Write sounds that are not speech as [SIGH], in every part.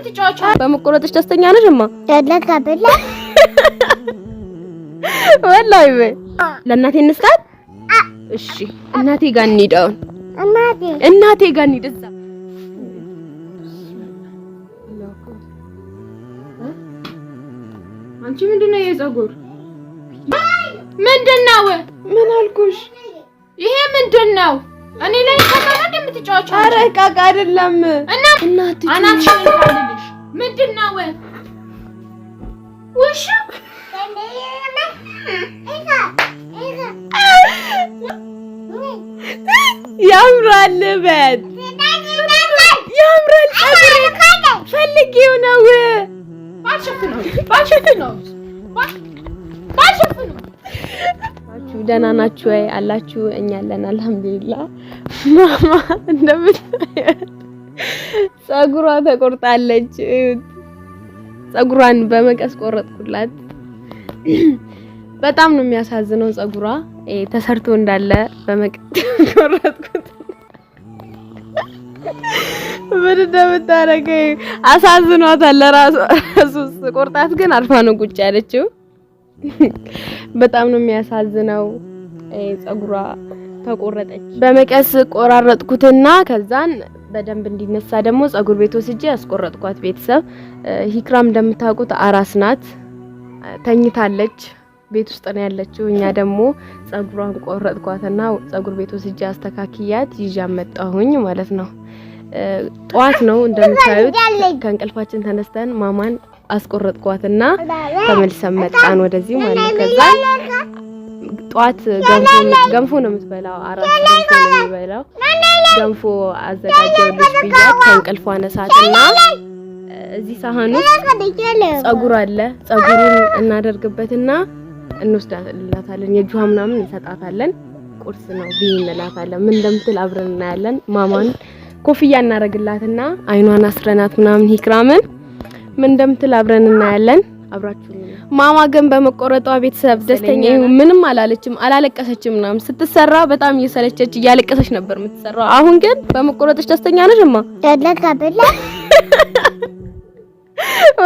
የምትጫወቺው? በመቆረጥሽ ደስተኛ ነሽ? እማ ወላይ በይ ለእናቴ እንስጣት። እሺ እናቴ ጋር እንሂድ። አሁን እናቴ እናቴ ጋር እንሂድ እዛ አንቺ ምንድን ነው የፀጉር ምንድን ነው? ምን አልኩሽ? ይሄ ምንድን ነው? እኔ ላይ ተቀመጥ የምትጫወቺው? አረ ዕቃ አይደለም። እና እናት አናት ሽንካልሽ ምንድነው? ውሽ ያምራል በት ያምራል ፈልጌው ነው ናችሁ? ደህና ናችሁ ወይ አላችሁ? እኛ አለን አልሐምዱሊላህ። ማማ እንደምታያት ጸጉሯ ተቆርጣለች። ጸጉሯን በመቀስ ቆረጥኩላት። በጣም ነው የሚያሳዝነው። ጸጉሯ ተሰርቶ እንዳለ በመቀስ [LAUGHS] ቆረጥኩት። ምን እንደምታረገ አሳዝኗታል። ለራሱ ቆርጣት ግን አርፋ ነው ቁጭ ያለችው። [LAUGHS] በጣም ነው የሚያሳዝነው። ጸጉሯ ተቆረጠች። በመቀስ ቆራረጥኩትና ከዛን በደንብ እንዲነሳ ደግሞ ጸጉር ቤት ወስጄ ያስቆረጥኳት። ቤተሰብ ሂክራም እንደምታውቁት አራስ ናት፣ ተኝታለች። ቤት ውስጥ ነው ያለችው። እኛ ደግሞ ጸጉሯን ቆረጥኳትና ጸጉር ቤት ወስጄ አስተካክያት ይዣ መጣሁኝ ማለት ነው። ጠዋት ነው እንደምታዩት። ከእንቅልፋችን ተነስተን ማማን አስቆረጥኳትና ተመልሰን መጣን ወደዚህ ማለት ነው። ከዛ ጠዋት ገንፎ ገንፎ ነው የምትበላው፣ አራት ገንፎ ነው የሚበላው። ገንፎ አዘጋጀሁልሽ ብያት ከእንቅልፏ አነሳትና እዚህ ሳህኑ ጸጉር አለ ጸጉሩን እናደርግበትና እንወስዳላታለን። የእጇ ምናምን እንሰጣታለን። ቁርስ ነው ቢ እንላታለን። ምን እንደምትል አብረን እናያለን። ማማን ኮፍያ እናደርግላትና አይኗን አስረናት ምናምን ሂክራምን ምን እንደምትል አብረን እናያለን። አብራችሁ ማማ ግን በመቆረጧ ቤተሰብ ደስተኛ ይሁን ምንም አላለችም፣ አላለቀሰችም። ምናምን ስትሰራ በጣም እየሰለቸች እያለቀሰች ነበር የምትሰራው። አሁን ግን በመቆረጥሽ ደስተኛ ነሽ? እማ ደለካ በላ [LAUGHS]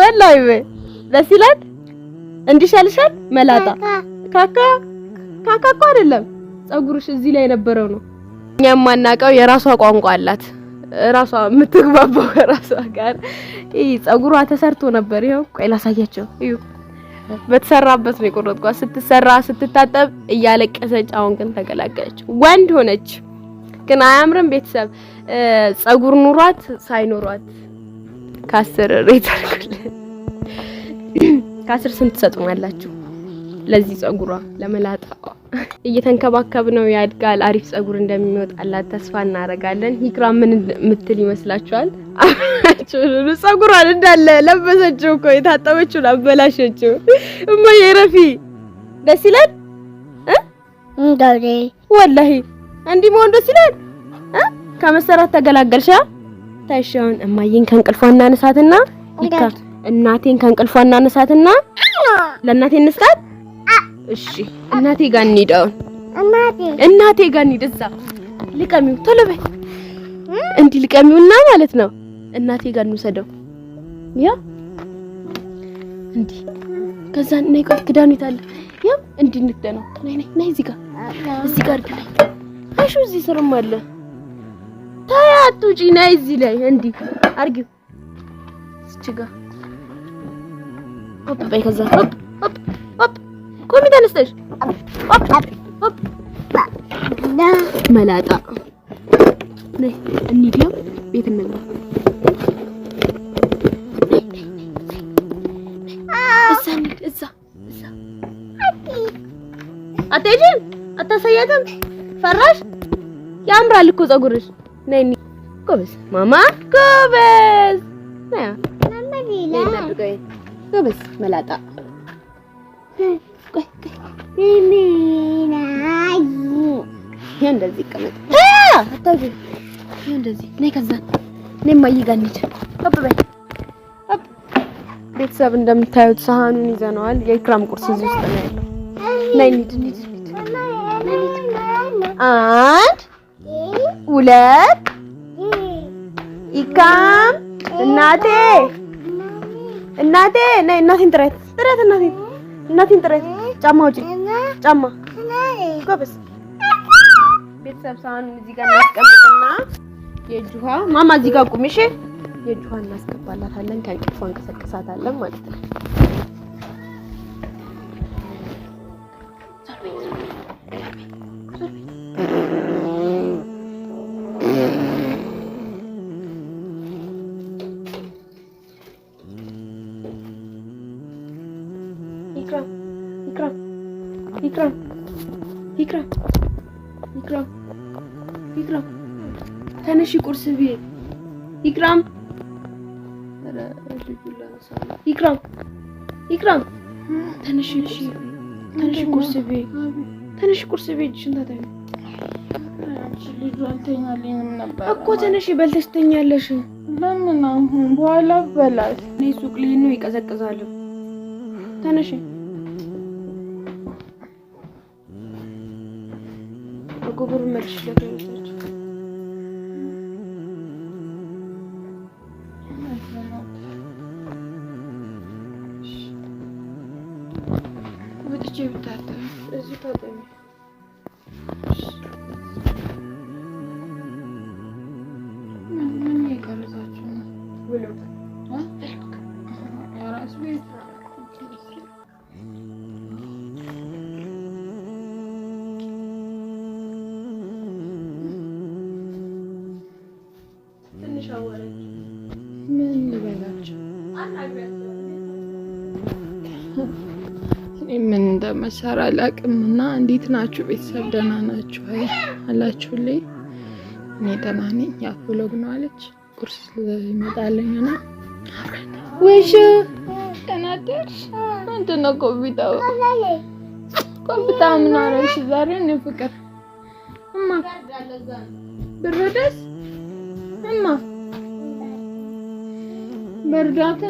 ወላሂ ደስ ይላል። እንዲሻልሻል መላጣ ካካ ካካ እኮ አይደለም፣ ጸጉርሽ እዚህ ላይ የነበረው ነው። እኛ የማናውቀው የራሷ ቋንቋ አላት። ራሷ የምትግባባው ከራሷ ጋር ይሄ ጸጉሯ ተሰርቶ ነበር። ይኸው ቆይ ላሳያቸው። እዩ በተሰራበት ነው የቆረጥኳት። ስትሰራ ስትታጠብ እያለቀሰች፣ አሁን ግን ተገላገለች፣ ወንድ ሆነች። ግን አያምርም? ቤተሰብ ጸጉር ኑሯት ሳይኖሯት ከአስር ሬት አድርጉልን። ከአስር ስንት ትሰጡናላችሁ? ለዚህ ጸጉሯ ለመላጣ እየተንከባከብ ነው ያድጋል። አሪፍ ጸጉር እንደሚወጣላት ተስፋ እናደርጋለን። ሂክራ ምን ምትል ይመስላችኋል? አሁን ጸጉሯን እንዳለ ለበሰችው እኮ የታጠበችውን አበላሸችው። እማዬ ረፊ ደስ ይላል እንዳውዴ ወላሂ እንዲህ መሆን ደስ ይላል። ከመሰራት ተገላገልሻ። ታይሻውን እማዬን ከእንቅልፏ እናነሳትና እናቴን ከእንቅልፏ እናነሳትና ለእናቴ እንስጣት። እሺ እናቴ ጋር እንሂድ። አሁን እናቴ እናቴ ጋር እንሂድ። እዛ ልቀሚው፣ ቶሎ በይ። እንዲህ ልቀሚውና ማለት ነው እናቴ ጋር እንውሰደው። ያ እንዲህ ከዛ ነይ፣ ቆይ ክዳኑ ይታለ ያ እንዲህ ንግደ ነው። ነይ ነይ ነይ፣ እዚህ ጋር እዚህ ጋር ነይ። አሹ እዚህ ስርም አለ ታያቱ ጂ ነይ፣ እዚህ ላይ እንዲህ አርጊው። እዚህ ጋር ሆፕ በይ፣ ከዛ ሆፕ ሆፕ ሆፕ ቆሚ ተነስተሽ መላጣ ነይ እንዲያው ቤት እንግባ። እዛ እዛ አትሄጂም፣ አታሳያትም። ፈራሽ? ያምራል እኮ ፀጉርሽ። ነይ ጎበዝ፣ ማማ ጎበዝ፣ ጎበዝ መላጣ እንደዚህ ይቀመጥ። አታውቂው እንደዚህ ነይ፣ ከዛ ነይ፣ እማዬ ጋር እንሂድ። ቤተሰብ እንደምታዩት ሰሃኑን ይዘነዋል። የኢክራም ቁርስ እዚህ ውስጥ ነው ያለው። ነይ እንሂድ፣ እንሂድ። አንድ ሁለት ኢክራም፣ እናቴ እናቴ፣ ነይ እናቴን ጥረት፣ ጥረት እናቴን፣ እናቴን ጥረት። ጫማ ውጪ ጫማ ጎበዝ። ቤተሰብ ሳህን እዚህ ጋር እናስቀምጥና የእጅ ውሃ ማማ እዚህ ጋር ቁሚ። እሺ የእጅ ውሃ እናስገባላታለን። ከእንቅልፏ እንቀሰቅሳታለን ማለት ነው። ይቅራ ይቅራም ይቅራም ተነሽ ቁርስ ብዬ ይቅራም ይቅራም ይቅራም ተነሽ እሺ ተነሽ ቁርስ ብዬ ተነሽ ቁርስ ብዬ እጅሽን ታጠቢ እኮ ተነሽ በልተሽ ትተኛለሽ ለምን አሁን በኋላ በላሽ እኔ ሱቅ ልሂድ ነው ይቀዘቅዛል ተነሽ Kubur Mekşile Gözler. Bu da cebim tatlı. Özür dilerim. መሳር አላቅም እና እንዴት ናችሁ ቤተሰብ? ደህና ናችሁ ወይ አላችሁልኝ? እኔ ደህና ነኝ። ያኮሎግ ነው አለች ቁርስ ይመጣለኝ እና ወይሽ ተናደርሽ ምንድን ነው ኮቢታው ኮቢታ ምን አረሽ ዛሬ? እኔ ፍቅር እማ ብረደስ እማ በርዷት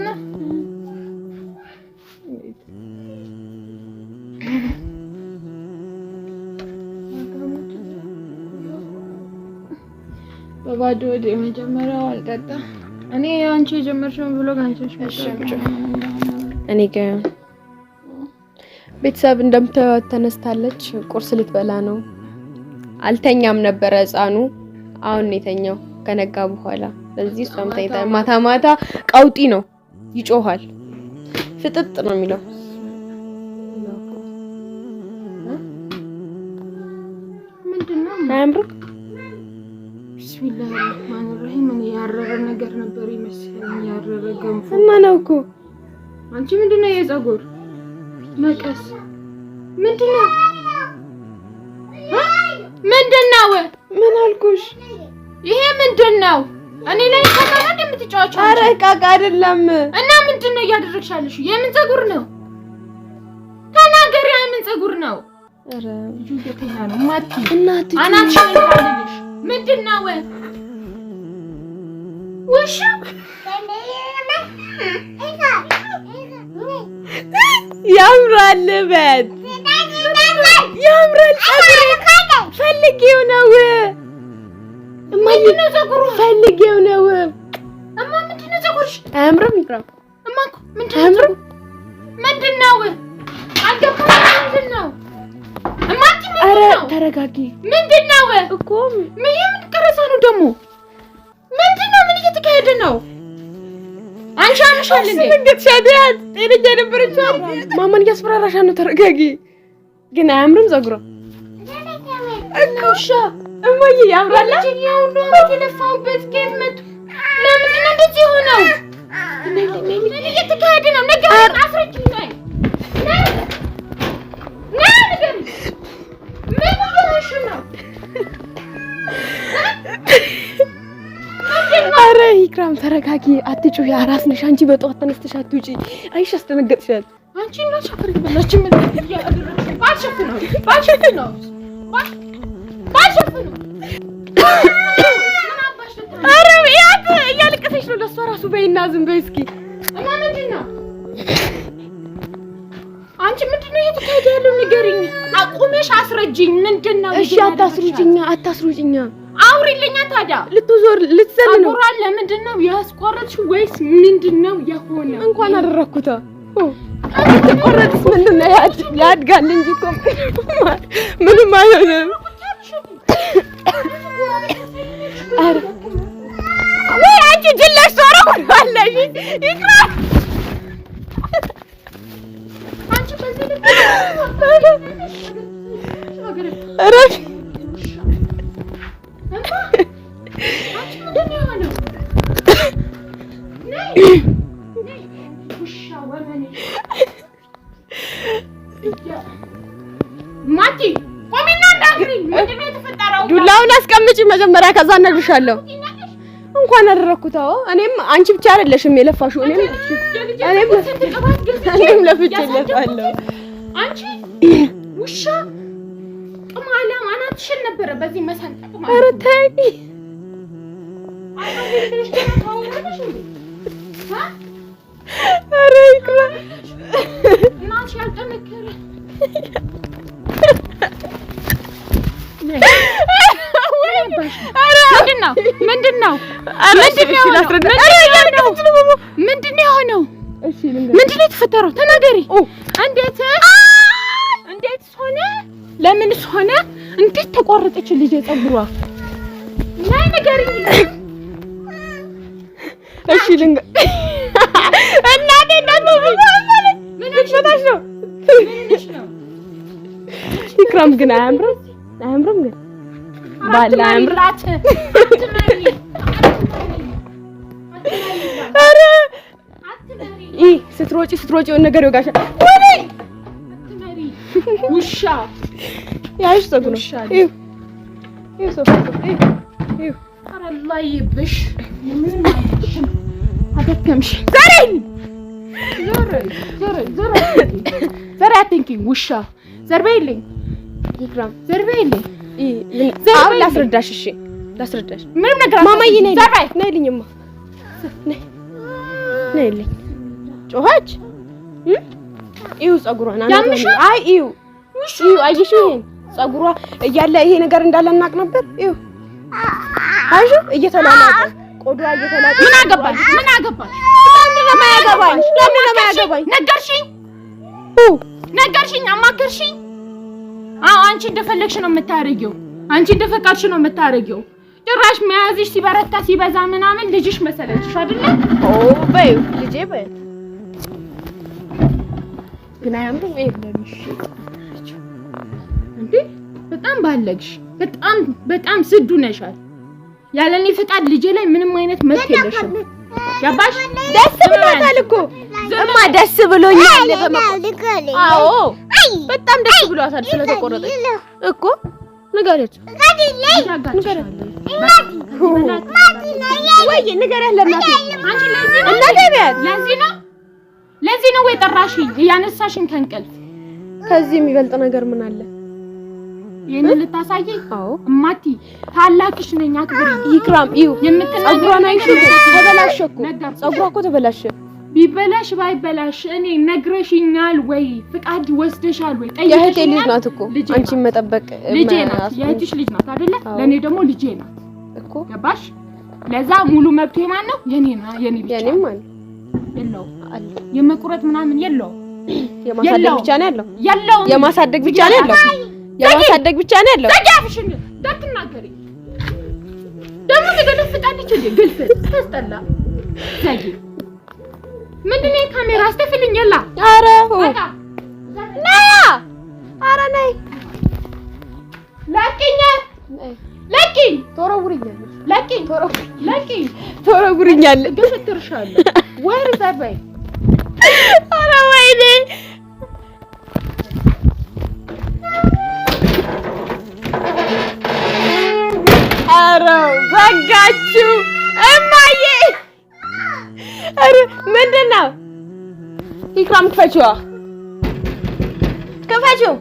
በባዶ ወደ የመጀመሪያው አልጠጣ እኔ አንቺ የጀመርሽውን ብሎ ጋንቺሽ እኔ ጋ ቤተሰብ እንደምታዩት ተነስታለች። ቁርስ ልትበላ ነው። አልተኛም ነበረ ህፃኑ። አሁን ነው የተኛው ከነጋ በኋላ። ለዚህ እሷም ተኝታ ማታ ማታ ቀውጢ ነው ይጮሃል። ፍጥጥ ነው የሚለው ምንድነው? አያምርም ቢስሚላህ ራህማን ራሂም ያረረ ነገር ነበር ይመስለኝ። ያረረ ገንፎ እና ነው እኮ። አንቺ ምንድነው? የፀጉር መቀስ ምንድነው? ምንድነው? ምን አልኩሽ? ይሄ ምንድነው? እኔ ላይ ተቀራ እንደምትጫወቺ አረ ዕቃ ዕቃ አይደለም። እና ምንድነው እያደረግሻለሽ? የምን ፀጉር ነው? ተናገሪ። የምን ፀጉር ነው? አረ ልጁ ነው ማቲ እናት አናትሽ ምንድን ነው? ውሻ ያምራል፣ በት ያምራል። ፈልጌው ነው ፈልጌው ነው። እማ ምንድን ነው ፀጉርሽ? አያምርም? እማ ምንድን ነው? ምንድን ነው? ኧረ ተረጋጊ። ምንድን ነው እኮ ምን ቀረጻ ነው ደግሞ? ምንድን ነው? ምን እየተካሄደ ነው? ማማን እያስፈራራሻ ነው። ተረጋጊ። ግን አያምርም ጸጉሯ እኮ ሻ እማዬ ያምራል። እየተናገርሽ ነው? አረ ኢክራም ተረጋጊ፣ አትጩሂ። አራስ ነሽ አንቺ። በጠዋት ተነስተሽ አትውጪ። አይሽ አስደነገጥሻል። አንቺ እንዳትሸፍሪ ብላች ምን ያደረግሽ? ባልሸፍን ነው ባልሸፍን ነው ባልሸፍን ነው እያለቀሰች ነው። ለእሷ ራሱ በይና ዝም በይ እስኪ እና ምንድን ነው አንቺ ምንድነው እየተካሄደ ያለው? ንገሪኝ፣ አቁመሽ አስረጅኝ። ምንድነው? እሺ፣ አታስሩጭኛ፣ አታስሩጭኛ። አውሪልኛ። ታዲያ ልትዞር ልትዘል ነው? አውራን ለምንድነው ያስቆረጥሽ? ወይስ ምንድነው የሆነ? እንኳን አደረኩታ ቆረጥስ ምንድነው? ያድጋል እንጂ እኮ ምንም አይሆንም። አረ ወይ አንቺ ጅላሽ ዞረ ሁሉ አለሽ ይቅራ ዱላውን አስቀምጪ መጀመሪያ፣ ከዛ እነግርሻለሁ። እንኳን አደረኩት። አዎ እኔም አንቺ ብቻ አይደለሽም የለፋሽው፣ እኔም እኔም ለፍቼ እለፋለሁ። አንቺ ውሻ ጥም አላም አናትሽን ነበረ በዚህ መሰንጠቅ ማለት ምንድን ነው የሆነው ምንድን ነው የተፈጠረው ተናገሪ እንዴት ሆነ? ለምንስ ሆነ? እንዴት ተቆረጠች ልጅ የጸጉሯ? ናይ ነገር እሺ ልንገ እናቴ ደግሞ ልትፈታሽ ነው። ኢክራም ግን አያምርም፣ አያምርም ግን ባላ አያምርም። ስትሮጪ ስትሮጪ የሆነ ነገር ይወጋሻል። ውሻ ያሽ ፀጉር ነው። አደከምሽ ዘር አትንኪኝ። ውሻ ዘር በይልኝ፣ ዘር በይልኝ። አሁን ላስረዳሽ፣ እሺ ላስረዳሽ። ምንም ነገር ማማዬ ነይልኝማ፣ ነይልኝ ጮኸች ይኸው ፀጉሯን አይ ይኸው ይኸው አየሽ ይሄን ፀጉሯ እያለ ይሄ ነገር እንዳለ እናቅ ነበር። ይኸው አይሽ እየተላላጠ ቆዳ እየተላጠ ምን አገባሽ? ምን አገባሽ? ለምን ነው የማያገባኝ? ለምን ነው የማያገባኝ? ነገርሽኝ ኡ ነገርሽኝ፣ አማከርሽኝ። አዎ አንቺ እንደፈለግሽ ነው የምታረጊው። አንቺ እንደፈቃድሽ ነው የምታረጊው። ጭራሽ መያዝሽ ሲበረታ ሲበዛ ምናምን ልጅሽ መሰለችሽ አይደለ? ኦ በይ ልጄ በይ ግን አያምርም። እንዴ በጣም ባለግሽ፣ በጣም በጣም ስዱ ነሻል። ያለኔ ፈቃድ ልጄ ላይ ምንም አይነት መብት የለሽም። ገባሽ? ደስ ብሎታል እኮ እማ፣ ደስ ብሎኛል። አዎ በጣም ደስ ብሏታል ስለተቆረጠች እኮ ንገሪያት ወይ ንገሪያት ለእናቴ እናቴ ቢያት ለዚህ ነው ለዚህ ነው የጠራሽኝ? እያነሳሽን ከእንቅልፍ ከዚህ የሚበልጥ ነገር ምን አለ? ይህን ልታሳይ? አዎ እማቲ፣ ታላቅሽ ነኝ አክብሪ። ይክራም ይሁ የምትናገረው አይሽኩ ተበላሸ እኮ ጸጉሯ እኮ ተበላሸ። ቢበላሽ ባይበላሽ እኔ ነግረሽኛል ወይ? ፍቃድ ወስደሻል ወይ? ጠይቀሽ የእህቴ ልጅ ናት እኮ አንቺ መጠበቅ ልጄ ናት። የእህትሽ ልጅ ናት አይደለ? ለእኔ ደግሞ ልጄ ናት እኮ ገባሽ? ለዛ ሙሉ መብቴ ማን ነው? የኔ ነው የኔ ብቻ የለው የመቁረጥ ምናምን የለው [CLEARS THROAT] የማሳደግ ብቻ ነው ያለው። ያለው የማሳደግ ብቻ ነው ያለው። የማሳደግ ብቻ ነው ያለው። ዘጋፍሽን እንዳትናገሪ ደግሞ ትገለፍጣለች እንዴ? ግልፍል ታስጠላ። ዘጊ ምንድን ካሜራ አስተፍልኝ የላ ኧረ ና ኧረ ነይ ላኪኛ ለቂኝ ተወረውርኛለሽ። ለቂኝ ለቂኝ ተወረውርኛለሽ። ገፍት እርሻለሁ ዘበይ ኧረ ወይኔ ኧረ ዘጋችሁ እማዬ። ኧረ ምንድን ነው ኢክራም ክፈችዋ፣ ክፈችው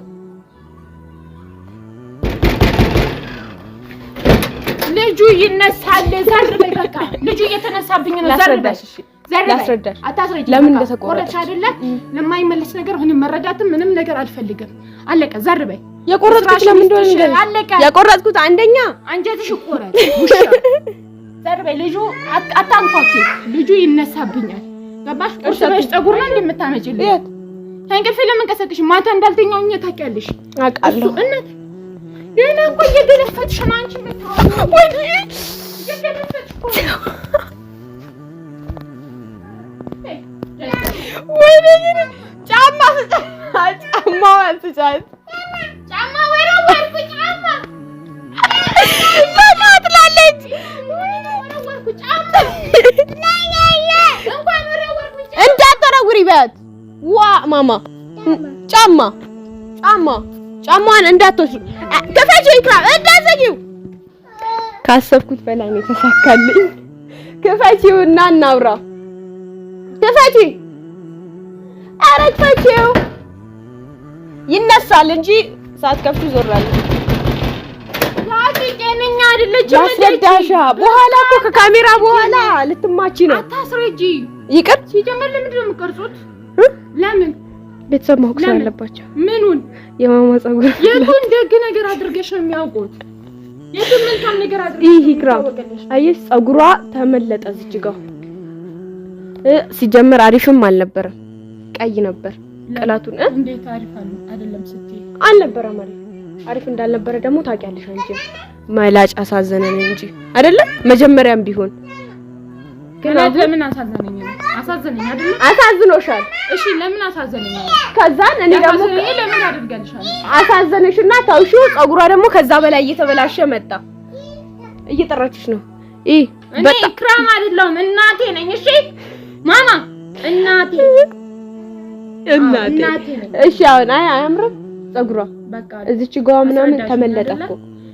ልጁ ይነሳል። ዘርበይ በቃ ልጁ እየተነሳብኝ ነው። ዘር ዘርበሽ ላስረዳሽ። አታስረጅ። ለምን እንደተቆረጠሽ አይደለ? ለማይመለስ ነገር ምንም መረዳትም ምንም ነገር አልፈልግም። አለቀ። ዘር በይ። የቆረጥኩት ለምን እንደሆነ ንገሪኝ። አለቀ። የቆረጥኩት አንደኛ አንጀትሽ ቆረጥ። ዘር በይ። ልጁ አታንኳኪ። ልጁ ይነሳብኛል። ገባሽ? ቁርስ በሽ ፀጉር ነው እንደምታመጪልኝ ከእንቅልፌ ለምን ቀሰቅሽ? ማታ እንዳልተኛው ታውቂያለሽ። አውቃለሁ እናት ገና እኮ እየገለፈጥሽ ነው አንቺ። እንዳትወረውሪ በያት። ዋ ማማ ጫማ ጫማ ጫማዋን እንዳትወስዱ ክፈችው። ይክራ እንዳትዘጊው። ካሰብኩት በላይ ነው የተሳካልኝ። ክፈችው እና እናውራ። ክፈቺ። ኧረ ክፈችው። ይነሳል እንጂ ሳትከፍቱ ዞራል። ዛቲ ማስረዳሻ በኋላ እኮ ከካሜራ በኋላ ልትማቺ ነው። አታስረጂ። ይቅር። ሲጀመር ለምንድን ነው የምትቀርጹት? ለምን ቤተሰብ ማወቅ ስላለባቸው ምኑን የማማ ጸጉር የቱን ደግ ነገር አድርገሽ ነው የሚያውቁት? የቱን መልካም ነገር አድርገሽ ይሄ ኢክራም አየሽ፣ ጸጉሯ ተመለጠ እዚህ ጋር ሲጀመር አሪፍም አልነበረም፣ ቀይ ነበር ቅላቱን። እንዴት አሪፍ አይደለም ስትይ አልነበረም ማለት አሪፍ እንዳልነበረ ደግሞ ታውቂያለሽ እንጂ መላጭ አሳዘነን እንጂ አይደለም መጀመሪያም ቢሆን ግን ለምን አሳዘነኝ? አሳዘነኝ አይደል? አሳዝኖሻል። እሺ ለምን አሳዘነኝ? ከዛን እኔ ደግሞ ለምን አድርጋልሻል? አሳዘነሽና ታውሺው። ፀጉሯ ደግሞ ከዛ በላይ እየተበላሸ መጣ። እየጠራችሽ ነው። ይ እኔ ኢክራም አይደለሁም እናቴ ነኝ። እሺ ማማ እናቴ እናቴ። እሺ አሁን አያምርም ፀጉሯ፣ እዚች ጋዋ ምናምን ተመለጠ እኮ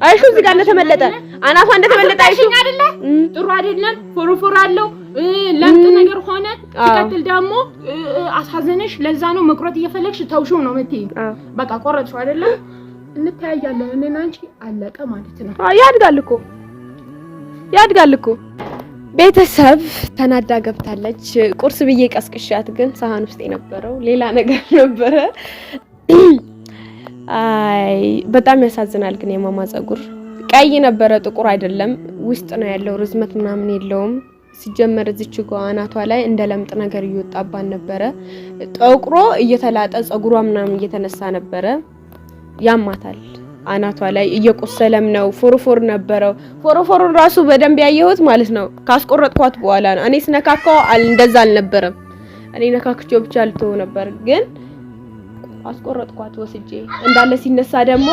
አይሹ እዚህ ጋር እንደተመለጠ አናቷ እንደተመለጠ አይሹ አይደለ? ጥሩ አይደለም። ፎሮፎር አለው ለምጥ ነገር ሆነ። ሲቀጥል ደግሞ አሳዘነሽ። ለዛ ነው መቁረጥ እየፈለግሽ ተውሽው ነው የምትይ። በቃ ቆረጥሽ አይደለ? እንተያያለን እኔና አንቺ አለቀ ማለት ነው። ያድጋል እኮ ያድጋል እኮ። ቤተሰብ ተናዳ ገብታለች። ቁርስ ብዬ ቀስቅሻት፣ ግን ሳህን ውስጥ የነበረው ሌላ ነገር ነበረ። በጣም ያሳዝናል። ግን የማማ ጸጉር ቀይ ነበረ፣ ጥቁር አይደለም። ውስጥ ነው ያለው፣ ርዝመት ምናምን የለውም። ሲጀመር እዚች አናቷ ላይ እንደ ለምጥ ነገር እየወጣባን ነበረ፣ ጠቁሮ እየተላጠ ጸጉሯ ምናምን እየተነሳ ነበረ። ያማታል አናቷ ላይ እየቆሰለም ነው። ፎርፎር ነበረው። ፎርፎሩን ራሱ በደንብ ያየሁት ማለት ነው ካስቆረጥኳት በኋላ ነው። እኔ ስነካካው እንደዛ አልነበረም። እኔ ነካክቼው ብቻ ልተው ነበር ግን አስቆረጥኳት ወስጄ እንዳለ ሲነሳ ደግሞ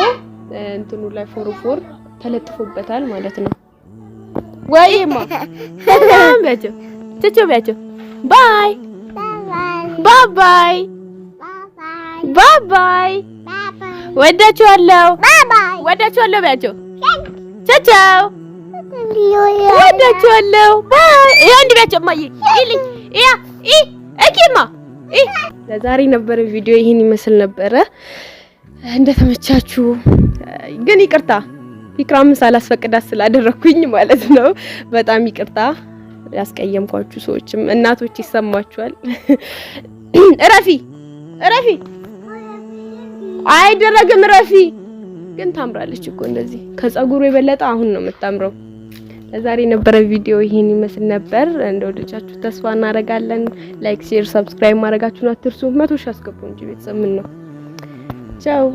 እንትኑ ላይ ፎር ፎር ተለጥፎበታል ማለት ነው። ወይማ በያቸው ቸቸው በያቸው ባይ ባባይ ባባይ ወዳችኋለሁ ወዳችኋለሁ በያቸው ቸቸው ወዳችኋለሁ ባይ ይሄ እንዲህ በያቸው እማዬ ይልኝ ያ ይ እኪማ ለዛሬ ነበረ ቪዲዮ ይህን ይመስል ነበረ። እንደተመቻችሁ ግን ይቅርታ ኢክራም ሳላስፈቅዳት ስላደረኩኝ ማለት ነው። በጣም ይቅርታ ያስቀየምኳችሁ ሰዎችም እናቶች ይሰማችኋል። እረፊ እረፊ፣ አይደረግም እረፊ። ግን ታምራለች እኮ እንደዚህ ከጸጉሩ የበለጠ አሁን ነው የምታምረው። ለዛሬ የነበረ ቪዲዮ ይሄን ይመስል ነበር። እንደወደቻችሁ ተስፋ እናደርጋለን። ላይክ፣ ሼር፣ ሰብስክራይብ ማድረጋችሁን አትርሱ። መቶ ሺህ አስገቡ እንጂ ቤተሰብ ምን ነው። ቻው